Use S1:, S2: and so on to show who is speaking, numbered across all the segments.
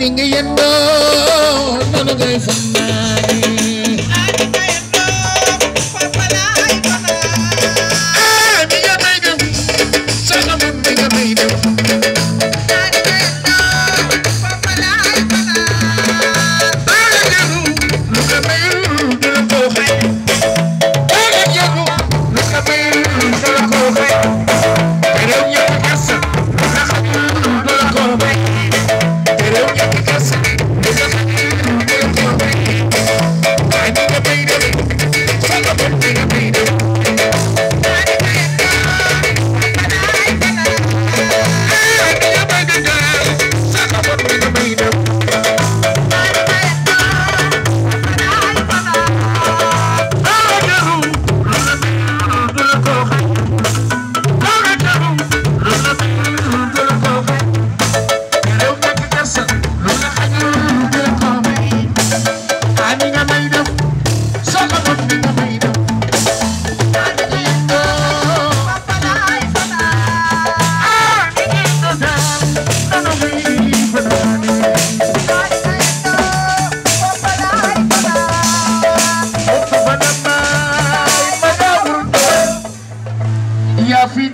S1: நீங்க என்ன சொன்னாரே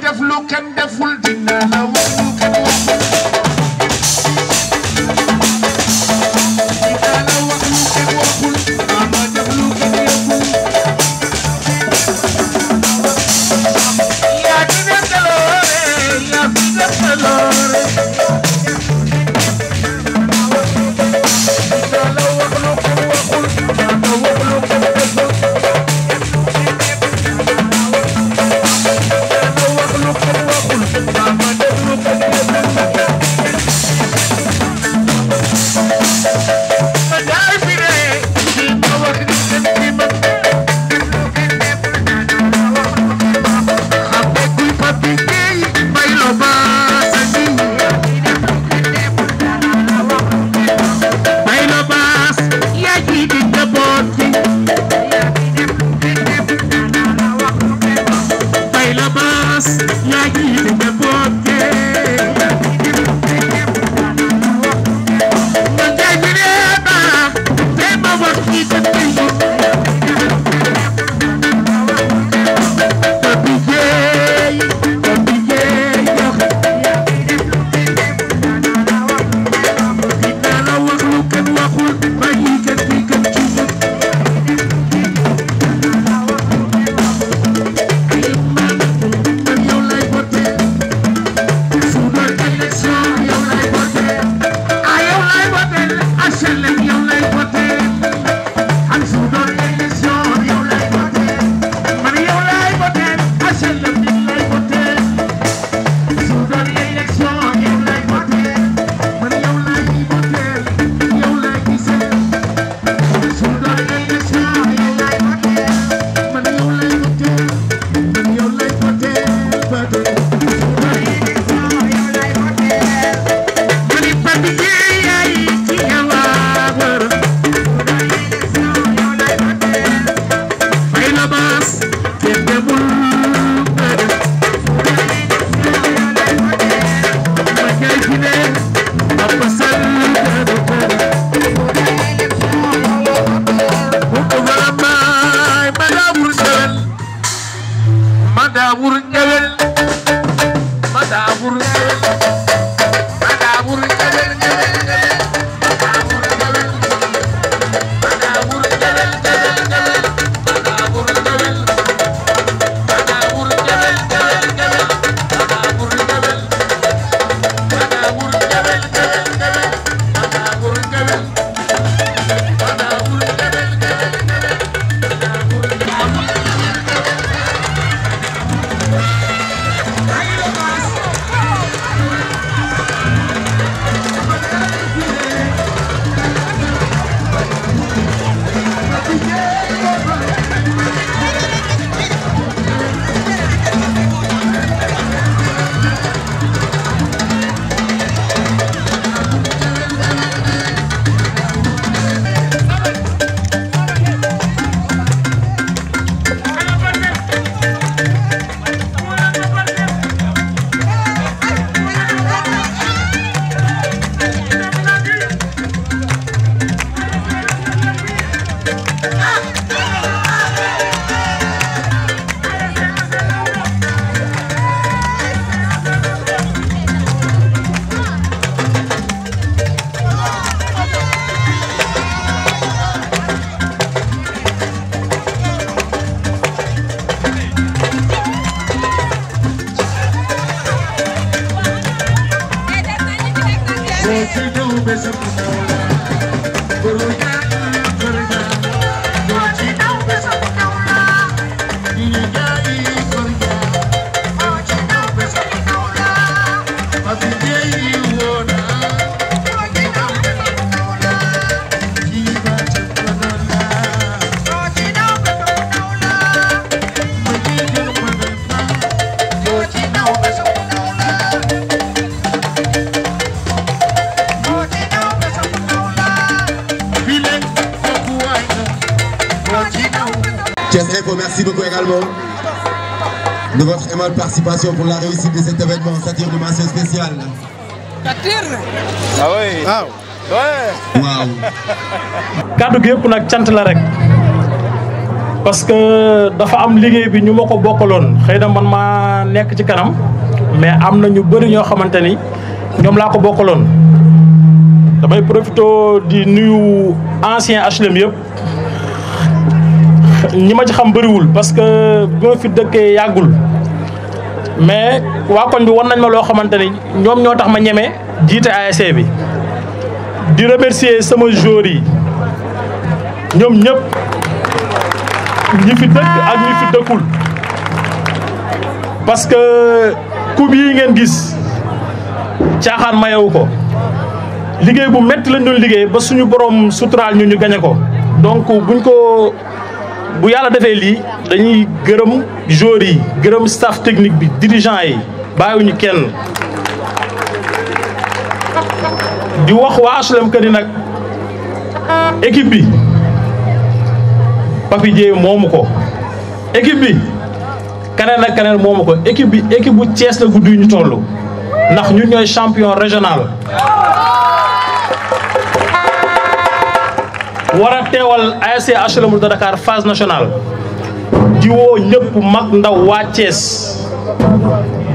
S1: def lu kenn deful dina la wax lu kenn waxul
S2: également de votre aimable participation pour la réussite de cet événement. C'est-à-dire de mention spéciale.
S1: ah oui waaw. waaw. kàddu gi yëpp nag cant la rek parce que dafa am liguey bi ñu ko bokkaloon xëy na man ma nek ci kanam mais am na ñu bëri ño xamanteni ñom la ko bokkaloon damay profito di nuyu ancien HLM yëpp. ñi ma ci xam bëriwul parce que bi fi dëkkee yàggul mais waa koñ bi won nañ ma loo xamante ni ñoom ñoo tax ma ñeme jiite ASC bi di remercier sama joueurs yi ñoom ñëpp ñi fi dëkk ak ñi fi dëkkul parce que coupe yi ngeen gis caaxaan mayewu ko liggéey bu metti la ñu liggéey ba suñu borom sutural ñu ñu gañe ko donc buñ ko bu yàlla defee lii dañuy gërëm joueurs yi gërëm staff technique bi dirigeant yi bàyyiwuñu kenn di wax waa HLM que ni nag équipe bi Papi moomu ko équipe bi keneen ak keneen moomu ko équipe bi équipe bu Thiès la guddi ñu toll ndax ñu ñooy champion régional war a teewal ASC HLM de Dakar phase nationale di woo ñëpp mag ndaw waa Thiès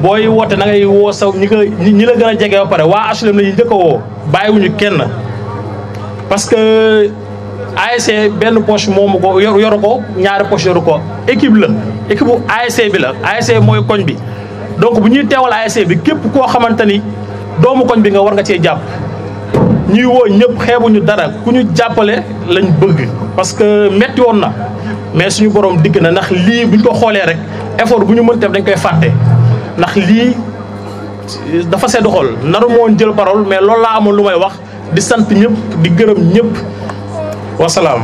S1: booy woote na ngay woo saw ñi ko ñi la gën a jege ba pare waa HLM la ñu njëkk a woo bàyyiwuñu kenn parce que ASC benn poche moomu ko yoru ko ñaari poche yoru ko équipe la équipe bu bi la ASC mooy koñ bi donc bu ñuy teewal ASC bi képp koo xamante ni doomu koñ bi nga war nga cee jàpp ñuy woo ñëpp xeebuñu dara ku ñu jàppale lañ bëgg parce que metti woon na mais suñu borom digg na ndax lii buñ ko xoolee rek effort bu ñu mën def dañ koy fàtte ndax lii dafa sedd xol naru moon jël parole mais loolu laa amoon lu may wax di sant ñëpp di gërëm ñëpp wasalaam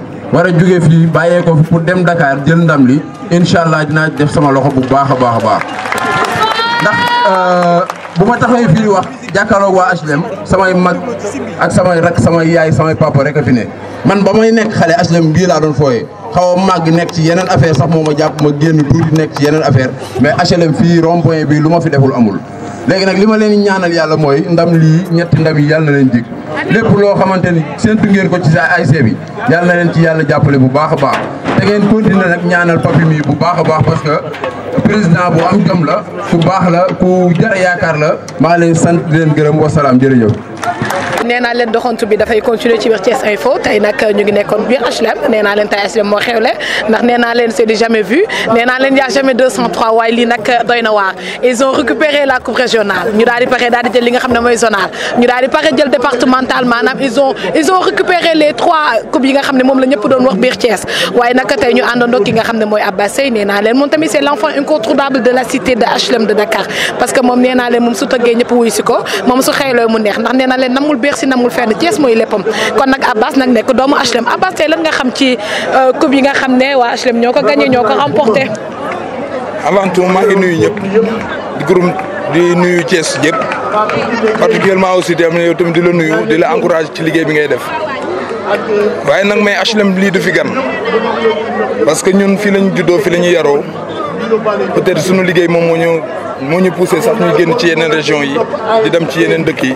S3: war a jóge fii bàyyee ko fi pour dem Dakar jël ndam li incha allah dinaa def sama loxo bu baax a baax a baax ndax euh, bu ma taxawee fii wax jàkkaarloog waa HLM samay mag ak samay rak samay yaay samay papa rek a fi ne man ba may nekk xale HLM bii laa doon fooyee xaw a màgg nekk ci yeneen affaire sax moo ma jàpp ma génn tuuti nekk ci yeneen affaire mais HLM fii rond point bi lu ma fi deful amul. léegi nag li ma leen ñaanal yàlla mooy ndam lii ñetti ndam yi yàlla na leen jig lépp loo xamante ni séntu ko ci sa ay sebi yàlla na leen ci yàlla jàppale bu baax a baax te ngeen continuer nag ñaanal papi mi bu baax a baax parce que président bu am jom la ku baax la ku jar yaakaar la maa leen sant di leen gërëm jële jërëjëf
S4: nee naa leen doxantu bi dafay continuer ci biir Thiès Info tey nag ñu ngi nekkoon biir HLM nee naa leen tey HLM moo xewle ndax nee naa leen c'est du jamais vu nee naa leen y a jamais 203 waaye lii nag euh, doy na waar ils ont récupéré la coupe régionale ñu daal di pare daal di jël li nga xam ne mooy zonal ñu daal di pare jël départemental maanaam ils ont ils ont récupéré les trois coupes yi nga xam ne moom la ñëpp doon wax biir Thiès waaye nag tey ñu àndandoo ki nga xam ne mooy Abba Seye nee naa leen moom tamit c'est l'enfant incontournable de la cité de HLM de Dakar parce que moom nee naa leen moom su tëggee ñëpp wuy si ko moom su xewlee mu neex ndax nee naa leen namul jeex si namul fenn Thiès mooy léppam kon nag Abbas nag nekk doomu HLM Abbas tey lan nga xam ci euh, coupe yi nga xam ne waa HLM ñoo ko gagné ñoo ko remporté.
S2: avant tout maa ngi nuyu ñëpp di gërëm di nuyu Thiès yëpp particulièrement aussi yow tamit di la nuyu di la encouragé ci liggéey bi ngay def. waaye nag mais HLM lii du fi gan parce que ñun fii lañu juddoo fii la ñu yaroo peut suñu liggéey moom moo ñu moo ñu poussé sax ñu génn ci yeneen région yi di dem ci yeneen dëkk yi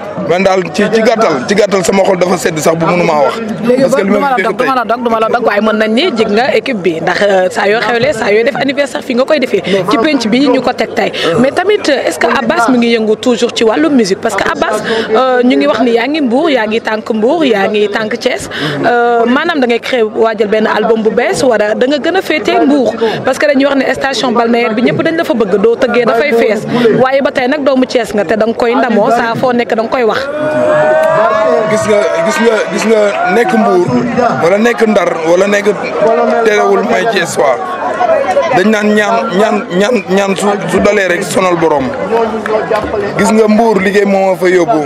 S2: man daal ci ci gàttal ci gàttal sama xol dafa sedd sax bu mënuma wax parce que li ma dégg
S4: duma la dog duma la dog waaye mën nañ ni jig nga équipe bi ndax euh, saa yoo xewlee saa yoo def anniversaire fi nga koy defee ci penc bi ñu ko teg tey euh. mais tamit euh, est ce que abbas mi ngi yëngu toujours ci wàllu musique parce que abbas ñu ngi wax ni yaa ngi mbuur yaa ngi tànk mbuur yaa ngi tànk Thiès maanaam da ngay créé waajal benn album bu bees wala da nga gën a féetee mbuur parce que dañuy wax ne station balnéaire bi ñëpp dañ la fa bëgg doo tëggee dafay fees waaye ba tey nag doomu Thiès nga te da nga koy ndamoo saa foo nekk da koy gis nga gis
S2: nga gis nga nekk mbuur wala nekk ndar wala nekk terewul may ci espoir dañ naan ñaan ñaan ñaan ñaan su su dalee rek sonal borom gis nga mbuur liggéey moo ma fa yóbbu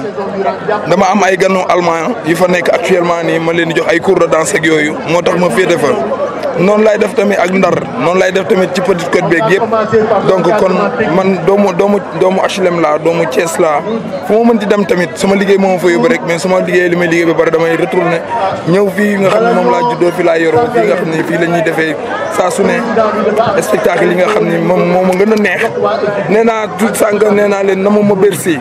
S2: dama am ay ganu allemand yu fa nekk actuellement nii ma leen di jox ay cours de danse yooyu moo tax ma féete fa. noonu lay def tamit ak ndar noonu lay def tamit ci Petite Côte beeg yëpp donc kon man doomu doomu doomu HLM laa doomu Thiès laa foo ma di dem tamit suma liggéey moom ma fa yóbbu rek mais suma liggéey li may liggéey ba pare damay retourné ñëw fii nga xam ne moom laa juddoo fi laa yoroo fii nga xam ne fii la ñuy defee saa su ne spectacle yi nga xam ne moom moom ma gën a neex nee naa tout sànq nee naa leen euh, na mu ma Bercy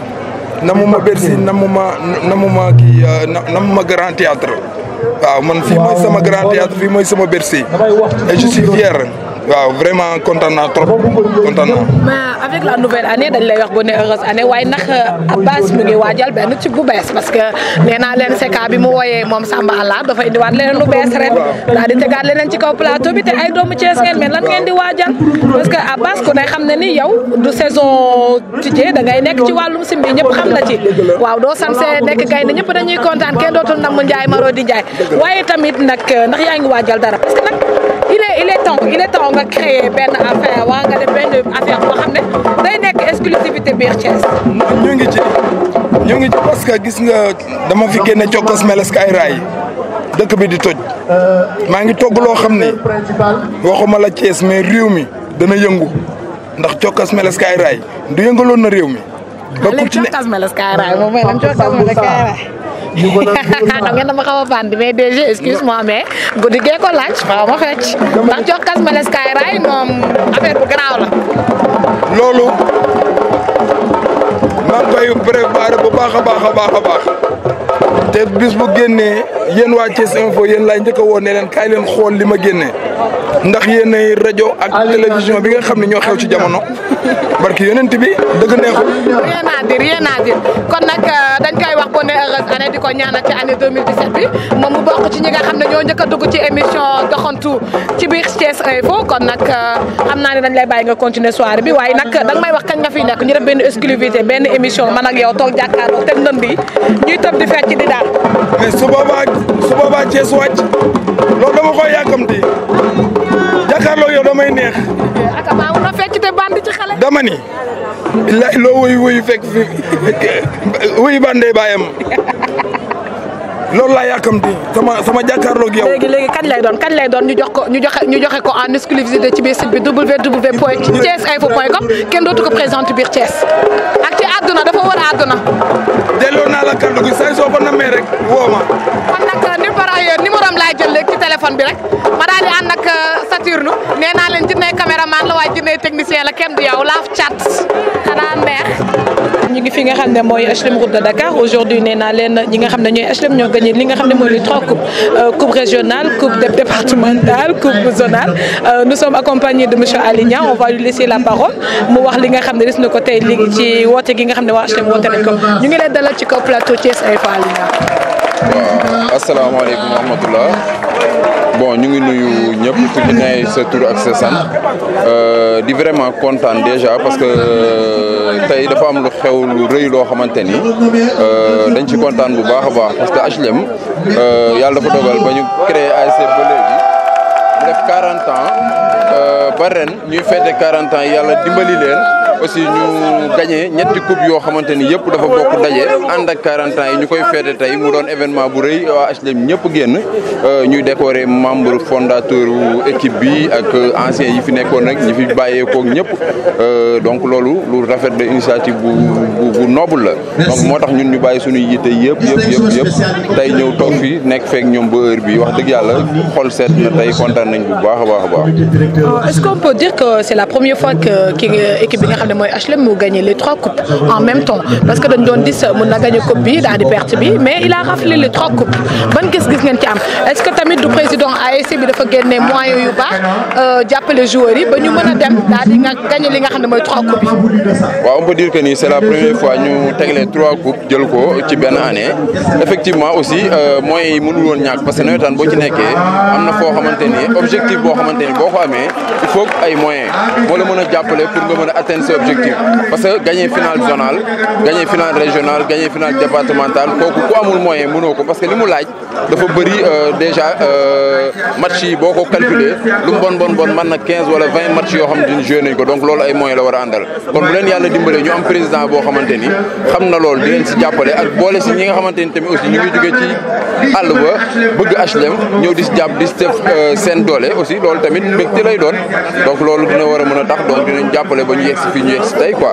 S2: na mu ma Bercy na mu ma na mu ma kii na mu ma Grand Théâtre waaw man fii mooy sama grand théâtre fii mooy sama Bercy et je suis fier waaw vraiment content naa trop content naa.
S4: mais avec la nouvelle année dañ lay wax bonne heureuse année waaye ndax euh, Abbas mu ngi waajal benn ci bu bees parce que nee naa leen CK bi mu wooyee moom Samba Allah dafa indiwaat leneen lu bees ren. waaw daal di tegaat leneen ci kaw plateau bi te ay doomu Thiès ngeen mais lan ngeen di waajal. parce que Abbas ku ne xam na ni yow du saison tijjee da ngay nekk ci wàllum simbi ñëpp xam la ci waaw doo sansee nekk na ñëpp dañuy kontaan kenn dootul namm Ndiaye di Ndiaye waaye tamit nag euh, ndax yaa ngi waajal dara parce que nag. il est temps il est temps nga créer benn affaire waa nga def benn affaire boo xam ne day nekk exclusivité biir Thiès.
S2: ñu ngi ci ñu ngi ci parce que gis nga dama fi génne cokkos meles ka ay raay dëkk bi di toj maa ngi togg loo xam ne waxuma la Thiès mais réew mi dana yëngu ndax cokkos meles ka raay du yëngaloon na réew mi. ba ku ci ne ñu ko doon xam
S4: ngeen dama xaw a fànn mais DG excuse moi mais guddi gee ko laaj xaw ma fecc ndax Cokkas Mbales Kaay Raay moom affaire bu garaaw la.
S2: loolu maa ngi préparé bu baax a baax a baax te bis bu génnee yéen waa Thiès Info yéen laay njëkk a woo leen kaay leen xool li ma génne ndax yen ay rajo ak télévision bi nga xam ne ñoo xew ci jamono barki yonent bi dëgg neexul.
S4: rien à dire rien à dire kon nag euh, dañ koy wax. meilleure année di ko ñaanal ci année 2017 bi moom mu bokk ci ñi nga xam ne ñoo njëkk a dugg ci émission doxantu ci biir Thiès Info kon nag euh, xam naa ne dañ lay bàyyi nga continuer soirée bi waaye nag danga may wax kañ nga fi nekk ñu def benn exclusivité benn émission man ak yow toog jàkkaarloo teg ndënd yi ñuy tëb di fecc di daal. mais su
S2: boobaa su boobaa Thiès wàcc loolu dama koy yàkkamti jàkkaarloo yow damay neex.
S4: band dama ni.
S2: billaay loo wuyu wuyu fekk fi wuyu bandee bàyyam loolu laa
S4: yàkkamti sama
S2: sama jàkkaarloo léegi léegi
S4: kañ lay doon kañ lay doon ñu jox ko ñu joxe ñu joxe ko en exclusivité ci biir site bi www.thiesinfo.com kenn dootu ko présenté biir Thiès ak ci àdduna dafa war a àdduna.
S2: naa la kàddu gi say soo ko namee rek woo
S4: Euh, numéro am laa jël léegi ci téléphone bi rek ma daal di ànd ak euh, Saturne nee naa leen jinne caméraman la waaye jinne technicien la kenn du yow laaf chat xanaa neex. ñu ngi fi nga xamné moy mooy HLM route de Dakar aujourd'hui nee naa ñi nga xamné ñoy ñooy HLM ñoo gagné li nga xamné moy mooy les trois coupes euh, coupe régionale coupe départementale coupe zonale nous sommes accompagnés de monsieur Ali Aligna on va lui laisser la parole mu wax li nga xamné ne na ko tay li ci wote gi nga xamné wa waa HLM woote nañ ko ñu ngi leen dalal ci kaw plateau Thiès Info Aligna
S3: waaw asalaamaaleykum wa rahmatulah bon ñu ngi nuyu ñëpp ku ci ne sa ak sa sant euh, di vraiment kontaan déjà parce que euh, tey dafa am lu xew lu rëy loo xamante ni euh, dañ ci kontaan bu baax a baax parce que HLM yàlla dafa dogal ba ñu créé ASC ba léegi mu def 40 ans ba ren ñuy fête 40 ans yàlla dimbali leen. aussi ñu gagné ñetti coupe yo xamanteni yépp dafa bokk dajé and ak 40 ans yi ñu koy féete mu doon événement bu reuy waa HLM ñëpp génn euh ñuy décorer membre fondateur équipe bi ak ancien yi fi nekkoon rek ñi fi bayé bàyyeekook ñëpp euh, donc lolu lu rafet de initiative bu bu bu noble la donc motax ñun ñu bayé suñu yité yépp yépp yépp yëpp tey ñëw tok fi nek fek ñom bu heure bi wax dëgg yalla xol seet na tay kontaan nañ bu baax a baax baax.
S4: Euh, est-ce qu'on peut dire que c'est la première fois que euh, équipe bi nga xam ne HLM mu gagné les trois coupes en même temps parce que dañ doon gis mën na gagné coupe bi daal di perte bi mais il a raflé les trois coupes ban gis-gis ngeen ci am est-ce que tamit du président ASC bi dafa faire moyens yu baax euh, jàppale joueurs les ba ñu mën dem di gagné li nga xam ne trois coupes yi.
S3: on peut dire que ni c'est la première fois ñu teg les trois coupes jël ko ci année effectivement aussi euh, moyens yi mënul woon ñàkk parce que nous avons ci nekkee am na foo objectif boo il faut ay moyens moo le mën j'appelle pour nga mën atteindre l'objectif parce que gagner finale zonale gagner finale régionale gagner finale départementale kooku ku amul moyen mënoo ko parce que li mu laaj dafa bëri euh, déjà euh, match yi boo ko calculer lu mu bon bon bon na 15 wala match yoo xam ne joué nañ ko donc loolu ay moyens la war a àndal kon bu leen yàlla dimbalee ñu am président boo xamante xam na loolu di leen si jàppale ak boole si ñi nga xamante ni tamit aussi ñu ngi jógee ci àll ba bëgg HLM ñëw di si jàpp di si euh, a mën a gagné tay quoi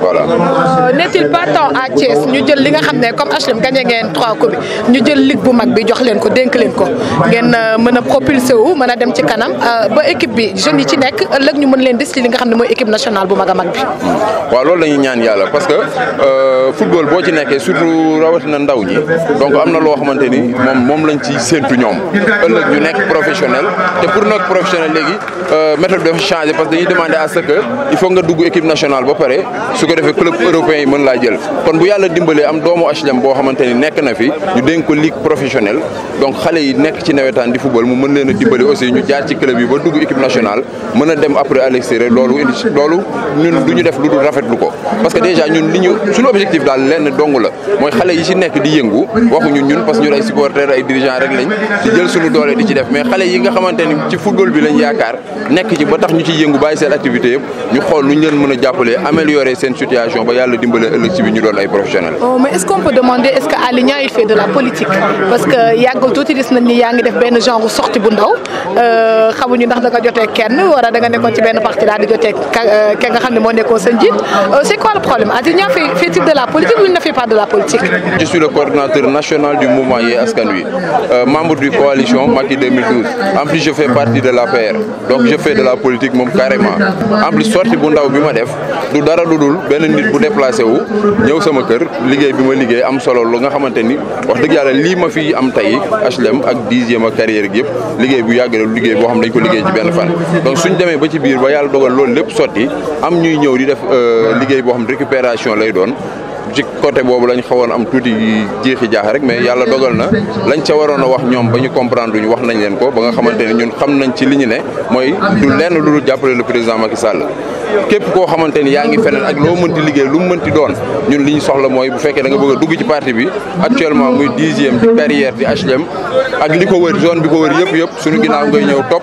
S3: voilà euh,
S4: n'est-il pas temps à Thiès ñu jël li nga xamné comme HLM gagné ngeen 3 coupe ñu jël ligue bu mag bi jox leen ko denk leen ko ngeen euh, mëna propulser wu mëna dem ci kanam euh, ba équipe bi jeune yi ci nek ëlëk ñu mën leen dess li nga xamné moy équipe nationale bu maga mag bi
S3: hmm. wa loolu lañu ñaan yalla parce que euh football bo ci nekké surtout rawatina ndaw ñi donc amna lo xamanteni mom mom lañ ci sentu ñom ëlëk ñu nek professionnel té pour nak professionnel légui euh méthode dafa changer parce que dañuy demander à ce que il faut nga dugg équipe nationale ba pare su ko defee club européen yi mën laa jël kon bu yàlla dimbalee am doomu HLM bo xamante nek na fi ñu dénk ko ligue professionnelle donc xalé yi nek ci nawetaan di football mu mën leena dimbalé aussi ñu jaar ci club yi ba dugg équipe nationale mëna dem après à l'extérieur lolu indi ñun duñu def lu rafet lu ko parce que déjà ñun li ñu suñu objectif dal lenn dongu la moy xalé yi ci nek di yëngu waxu ñun ñun parce que ñu ay supporter ay dirigeants rek lañ di jël suñu doole di ci def mais xalé yi nga xamante ci football bi lañ yaakar nek ci ba tax ñu ci yëngu bàyyi seen activité yëpp ñu xool luñ leen on a améliorer cette situation ba yàlla dimbale ëllëg si bi ñu professionnel.
S4: oh mais est ce qu'on peut demander est ce que il fait de la politique parce que y a tout nañ ni yaa ngi def benn genre sorti bu ndaw euh, xamuñu ndax da nga jotee kenn wala da nga nekkoon ci de parti la di jotee ka euh, nga xam ne moo nekkoon de la euh, C'est quoi le problème Aly fait-il de la politique ou il ne fait pas de la politique.
S3: je suis le coordinateur national du mouvement Yewwi euh, membre du coalition Mati 2012 en plus je fais partie de l'affaire. donc je fais de la politique carrément en plus sorti bu ndaw bi def du dara lu dul benn nit bu déplacé wu ñëw sama kër liggéey bi ma liggéey am solo lu nga xamante ni wax dëgg yàlla lii ma fi am tey HLM ak dixième ak carrière gi yëpp liggéey bu yàgg la liggéey boo xam dañ ko liggéey ci benn fan donc suñ demee ba ci biir ba yàlla dogal loolu lépp sotti am ñuy ñëw di def euh, liggéey boo xam récupération lay doon ci côté boobu lañu xawoon am tuuti jeexi jaax rek mais yàlla dogal na lañ ca waroon a wax ñoom ba ñu comprendre ñu wax nañ leen ko ba nga xamante ne ñun xam nañ ci li ñu ne mooy du lenn lu dul jàppale le président Macky Sall képp koo xamante ni yaa ngi feneen ak loo mënti liggéey lu mu mënti doon ñun li ñu soxla mooy bu fekkee da bëgg a dugg ci parti bi actuellement muy dixième di carrière di HLM ak li ko wër zone bi ko wër yëpp yëpp suñu ginnaaw ngay ñëw topp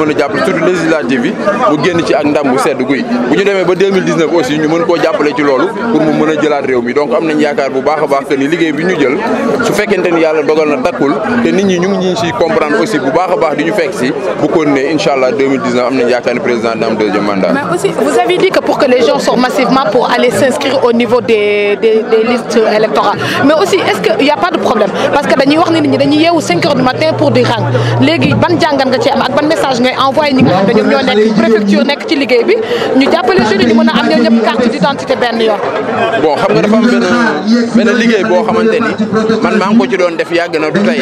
S3: mën japp tout surtout législative bi mu génn ci ak ndam bu sedd guy bu ñu démé ba 2019 aussi ñu mën ko jappalé ci loolu pour mu mëna a jëlaat réew mi donc am nañ yaakaar bu baax a baax que ni liggéey bi ñu jël su fekkente ni yàlla dogal na takkul te nit ñi ñu ngi ñu si comprendre aussi bu baax a baax di ñu fekk si bu ko nee incha allah 2019 am nañ yaakaar ni président dina am deuxième mandat. mais
S4: aussi vous avez dit que pour que les gens sortent massivement pour aller s'inscrire au niveau des des des listes électorales mais aussi est-ce que il y a pas de problème parce que dañuy wax ni nit ñi dañuy yeewu 5 heures du matin pour di rang léegi ban jàngat nga ci am ak ban message nga ngay envoyé ñi nga xam nekk préfecture nekk ci liggéey bi ñu jàppale jeunes ñu mën a am ñoo ñëpp carte d'identité benn yoon
S3: bon xam nga dafa am benn liggéey boo xamante ni man maa ngi ko ci doon def yàgg na du tey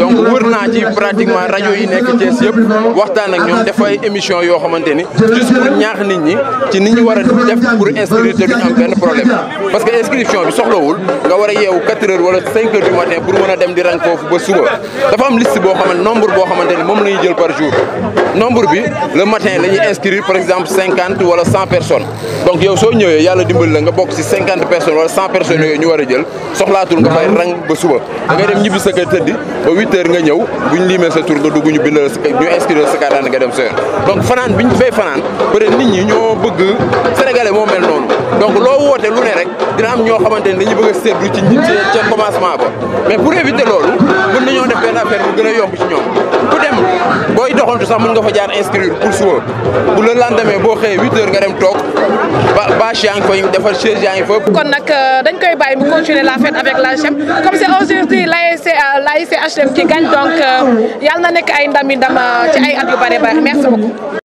S3: donc wër naa ci pratiquement rajo yi nekk Thiès yëpp waxtaan ak ñoom def ay émission yoo xamante ni juste pour ñaax nit ñi ci nit ñi war a def pour inscrire duñu am benn problème parce que inscription bi soxlawul nga war a yeewu 4 heures wala 5 heures du matin pour mën a dem di rang foofu ba nombre boo xamante ni moom la ñuy jël par jour nombre bi le matin la inscrire par exemple 50 wala 100 personnes donc yow so ñëwé yalla dimbal la nga bok ci 50 personnes wala 100 personnes yoy ñu wara jël soxlaatul nga fay rang ba suba da ngay dem ñibi sa kër teddi ba 8h nga ñëw bu limé sa tour nga duggu ñu bindal sa ñu inscrire sa carte nga dem sa donc fanan bi ñu fay fanaan peut nit ñi ñoo bëgg sénégalais mo mel non donc lo woté lu né rek dina am ñoo xamanteni ne dañu bëgg ci nit ci ci commencement ba mais pour éviter lolu mën nañu def ben affaire bu gëna yomb ci ñoom ku dem boy doxantu sax nga fa jaar inscrire pour suba bu la lendemain boo xëyee huit heures nga dem toog ba bâche yaa ngi fay defar chaise yaa ngi
S4: kon nag euh, dañ koy bàyyi mu continuer la fête avec l'ASHM comme c'est aujourd'hui l'ASC euh, l'ASC HLM qui gagne donc euh, yàlla na nekk ay ndam ndam ci ay at yu bare bare merci beaucoup.